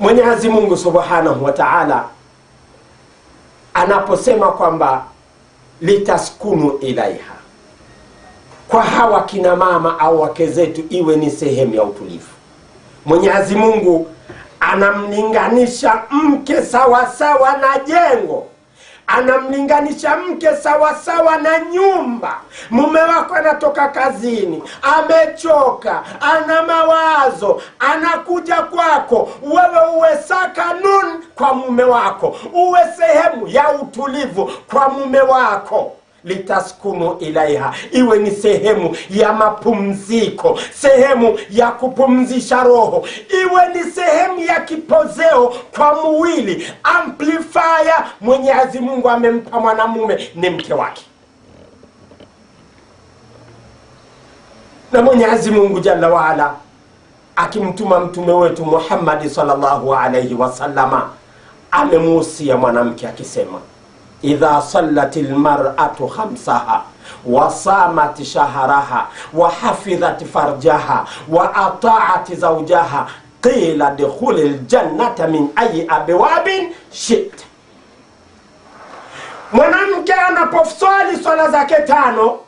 Mwenyezi Mungu Subhanahu wa Ta'ala anaposema kwamba litaskunu ilaiha, kwa hawa kina mama au wake zetu iwe ni sehemu ya utulivu. Mwenyezi Mungu anamlinganisha mke sawasawa na jengo anamlinganisha mke sawasawa na nyumba. Mume wako anatoka kazini, amechoka, ana mawazo, anakuja kwako wewe, uwe sakanun kwa mume wako, uwe sehemu ya utulivu kwa mume wako litaskunu ilaiha, iwe ni sehemu ya mapumziko, sehemu ya kupumzisha roho, iwe ni sehemu ya kipozeo kwa mwili. Amplifier Mwenyezi Mungu amempa mwanamume ni mke wake, na Mwenyezi Mungu jalla waala akimtuma mtume wetu Muhammadi sallallahu alaihi wasallama amemuhusia mwanamke akisema idha sallati lmaratu khamsaha wasamat shahraha wahafidhat farjaha wa ataat zaujaha qila dkhuli ljannata min ayi abwabin shit. Mwanamke anapofswali swala zake tano,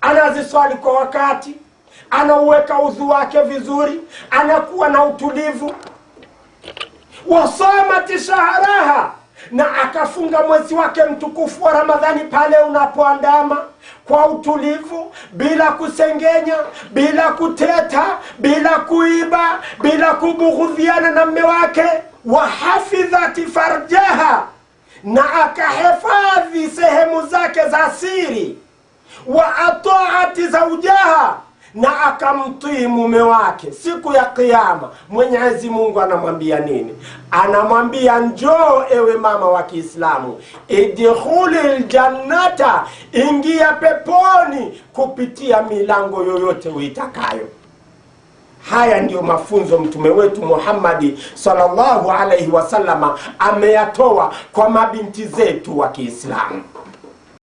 anaziswali kwa wakati, anauweka udhu wake vizuri, anakuwa na utulivu. wasamati shahraha na akafunga mwezi wake mtukufu wa Ramadhani pale unapoandama kwa utulivu, bila kusengenya, bila kuteta, bila kuiba, bila kubughudhiana na mme wake. Wahafidhati farjaha, na akahifadhi sehemu zake za siri. Wa ataati zaujaha na akamtii mume wake siku ya Kiyama, Mwenyezi Mungu anamwambia nini? Anamwambia, njoo ewe mama wa Kiislamu, idkhuli ljannata ingia peponi kupitia milango yoyote uitakayo. Haya ndiyo mafunzo mtume wetu Muhammadi sallallahu alaihi wasalama ameyatoa kwa mabinti zetu wa Kiislamu.